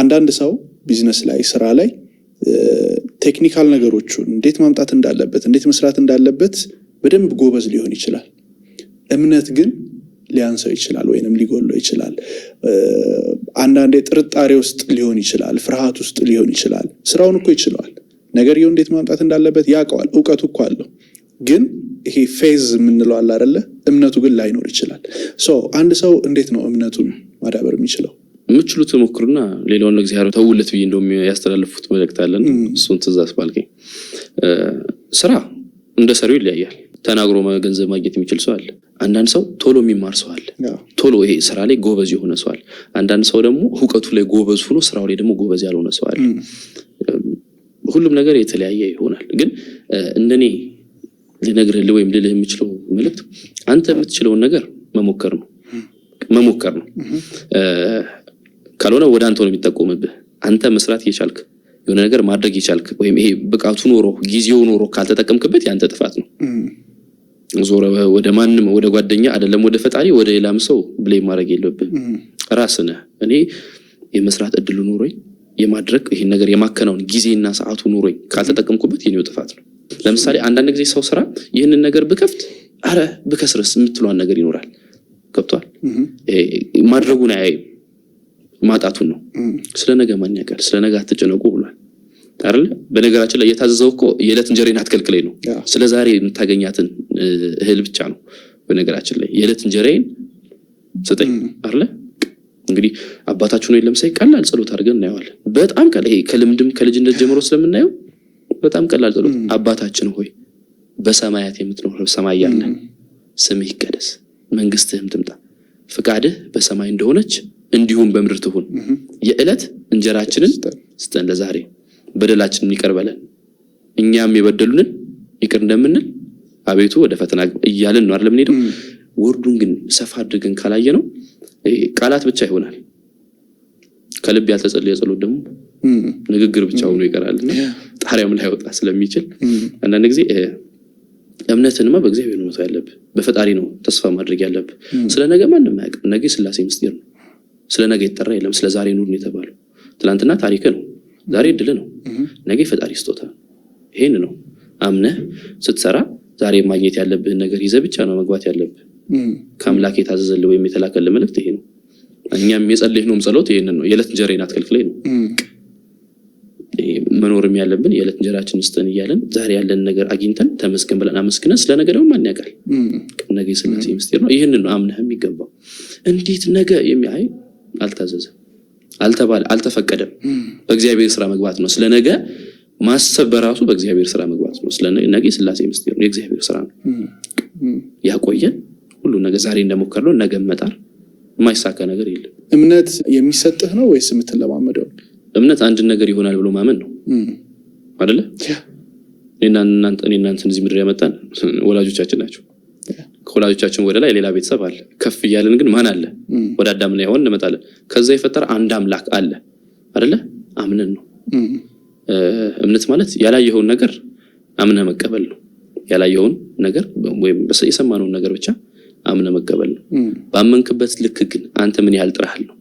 አንዳንድ ሰው ቢዝነስ ላይ ስራ ላይ ቴክኒካል ነገሮቹን እንዴት ማምጣት እንዳለበት እንዴት መስራት እንዳለበት በደንብ ጎበዝ ሊሆን ይችላል። እምነት ግን ሊያንሰው ይችላል፣ ወይንም ሊጎሎ ይችላል። አንዳንዴ ጥርጣሬ ውስጥ ሊሆን ይችላል፣ ፍርሃት ውስጥ ሊሆን ይችላል። ስራውን እኮ ይችለዋል፣ ነገርየው እንዴት ማምጣት እንዳለበት ያውቀዋል፣ እውቀቱ እኮ አለው። ግን ይሄ ፌዝ የምንለው አለ አይደለ? እምነቱ ግን ላይኖር ይችላል። ሶ አንድ ሰው እንዴት ነው እምነቱን ማዳበር የሚችለው? ምችሉ ሞክሩና ሌላውን እግዚአብሔር ተውለት ብዬ እንደውም ያስተላለፉት መልእክት አለን። እሱን ትእዛዝ ባልከኝ ስራ እንደ ሰሪው ይለያያል። ተናግሮ ገንዘብ ማግኘት የሚችል ሰው አለ። አንዳንድ ሰው ቶሎ የሚማር ሰው አለ። ቶሎ ይሄ ስራ ላይ ጎበዝ የሆነ ሰው አለ። አንዳንድ ሰው ደግሞ እውቀቱ ላይ ጎበዝ ሆኖ ስራው ላይ ደግሞ ጎበዝ ያልሆነ ሰው አለ። ሁሉም ነገር የተለያየ ይሆናል። ግን እንደኔ ልነግርህ ወይም ልልህ የምችለው መልእክት አንተ የምትችለውን ነገር መሞከር ነው መሞከር ነው። ካልሆነ ወደ አንተ ነው የሚጠቆምብህ። አንተ መስራት እየቻልክ የሆነ ነገር ማድረግ የቻልክ ወይም ይሄ ብቃቱ ኖሮ ጊዜው ኖሮ ካልተጠቀምክበት የአንተ ጥፋት ነው። ዞረ ወደ ማንም ወደ ጓደኛ አይደለም ወደ ፈጣሪ ወደ ሌላም ሰው ብሌ ማድረግ የለብህ ራስ ነህ። እኔ የመስራት እድሉ ኖሮኝ የማድረግ ይህን ነገር የማከናወን ጊዜና ሰዓቱ ኖሮኝ ካልተጠቀምኩበት የኔው ጥፋት ነው። ለምሳሌ አንዳንድ ጊዜ ሰው ስራ ይህንን ነገር ብከፍት አረ ብከስርስ የምትሏን ነገር ይኖራል። ገብቷል ማድረጉን አያይም ማጣቱን ነው። ስለ ነገ ማን ያውቃል? ስለ ነገ አትጨነቁ ብሏል አይደለ? በነገራችን ላይ እየታዘዘው እኮ የዕለት እንጀሬን አትከልክለኝ ነው። ስለ ዛሬ የምታገኛትን እህል ብቻ ነው። በነገራችን ላይ የዕለት እንጀሬን ስጠኝ አይደለ? እንግዲህ አባታችሁ ነው የለም ቀላል ጸሎት አድርገን እናየዋለን። በጣም ቀላል ከልምድም ከልጅነት ጀምሮ ስለምናየው በጣም ቀላል ጸሎት። አባታችን ሆይ በሰማያት የምትኖር ሰማይ ያለ ስምህ ይቀደስ፣ መንግስትህም ትምጣ፣ ፍቃድህ በሰማይ እንደሆነች እንዲሁም በምድር ትሁን። የዕለት እንጀራችንን ስጠን ለዛሬ፣ በደላችንን ይቅር በለን እኛም የበደሉንን ይቅር እንደምንል፣ አቤቱ ወደ ፈተና እያልን ነው አለምን ሄደው ወርዱን ግን ሰፋ አድርገን ካላየ ነው ቃላት ብቻ ይሆናል። ከልብ ያልተጸል የጸሎት ደግሞ ንግግር ብቻ ሆኖ ይቀራል ጣሪያም ላይ ወጣ ስለሚችል አንዳንድ ጊዜ እምነትንማ በእግዚአብሔር ነው ያለብ በፈጣሪ ነው ተስፋ ማድረግ ያለብ ስለ ነገ ማንም ያቅ ነገ ስላሴ ምስጢር ነው። ስለ ነገ የተጠራ የለም። ስለ ዛሬ ኑር ነው የተባለው። ትናንትና ታሪክ ነው፣ ዛሬ እድል ነው፣ ነገ ፈጣሪ ስጦታ ይሄን ነው አምነህ ስትሰራ ዛሬ ማግኘት ያለብህን ነገር ይዘህ ብቻ ነው መግባት ያለብህ። ከአምላክ የታዘዘልህ ወይም የተላከልህ መልእክት ይሄ ነው። እኛም የጸለይነውም ጸሎት ይህንን ነው። የዕለት እንጀራዬን አትከልክለኝ ነው። መኖርም ያለብን የዕለት እንጀራችን ስጠን እያለን ዛሬ ያለን ነገር አግኝተን ተመስገን ብለን አመስግነን ስለ ነገ ደግሞ ማን ያውቃል? ነገ የሥላሴ ምስጢር ነው። ይህንን ነው አምነህ የሚገባው እንዴት ነገ የሚያይ አልታዘዘም፣ አልተባለ፣ አልተፈቀደም። በእግዚአብሔር ስራ መግባት ነው። ስለ ነገ ማሰብ በራሱ በእግዚአብሔር ስራ መግባት ነው። ስለ ነገ ስላሴ ምስጢር ነው፣ የእግዚአብሔር ስራ ነው። ያቆየን ሁሉ ነገር ዛሬ እንደሞከርነው ነገ መጣር የማይሳካ ነገር የለም። እምነት የሚሰጥህ ነው ወይስ የምትለማመደው? እምነት አንድን ነገር ይሆናል ብሎ ማመን ነው አደለ? እኔና እናንተን እዚህ ምድር ያመጣን ወላጆቻችን ናቸው። ከወላጆቻችን ወደ ላይ ሌላ ቤተሰብ አለ። ከፍ እያለን ግን ማን አለ? ወደ ላይ ሆን እንመጣለን። ከዛ የፈጠረ አንድ አምላክ አለ አደለ? አምነን ነው። እምነት ማለት ያላየኸውን ነገር አምነ መቀበል ነው። ያላየኸውን ነገር ወይም የሰማነውን ነገር ብቻ አምነ መቀበል ነው። ባመንክበት ልክ ግን አንተ ምን ያህል ጥረሃል ነው።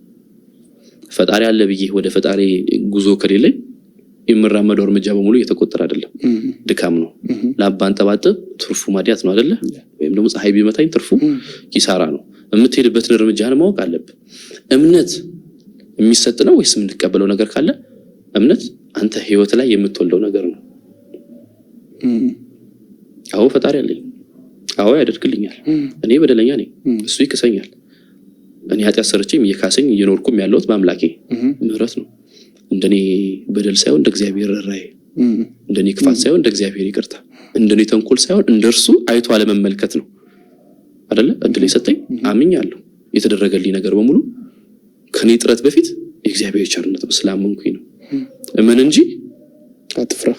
ፈጣሪ አለ ብዬ ወደ ፈጣሪ ጉዞ ከሌለኝ የምራመደው እርምጃ በሙሉ እየተቆጠረ አይደለም፣ ድካም ነው። አንጠባጥብ ትርፉ ማዲያት ነው አይደለ? ወይም ደግሞ ፀሐይ ቢመታኝ ትርፉ ኪሳራ ነው። የምትሄድበትን እርምጃን ማወቅ አለብ እምነት የሚሰጥ ነው ወይስ የምንቀበለው ነገር ካለ? እምነት አንተ ህይወት ላይ የምትወልደው ነገር ነው። አዎ ፈጣሪ አለኝ፣ አዎ ያደርግልኛል፣ እኔ በደለኛ ነኝ፣ እሱ ይክሰኛል። እኔ ኃጢአት ሰርቼም እየካሰኝ እየኖርኩም ያለሁት በአምላኬ ምህረት ነው። እንደኔ በደል ሳይሆን እንደ እግዚአብሔር ራይ እንደኔ ክፋት ሳይሆን እንደ እግዚአብሔር ይቅርታ፣ እንደኔ ተንኮል ሳይሆን እንደ እርሱ አይቶ አለመመልከት ነው አደለ? እድል የሰጠኝ አምኛለሁ። የተደረገልኝ ነገር በሙሉ ከኔ ጥረት በፊት የእግዚአብሔር ቸርነት ስላመንኩኝ ነው። እምን እንጂ አትፍራ።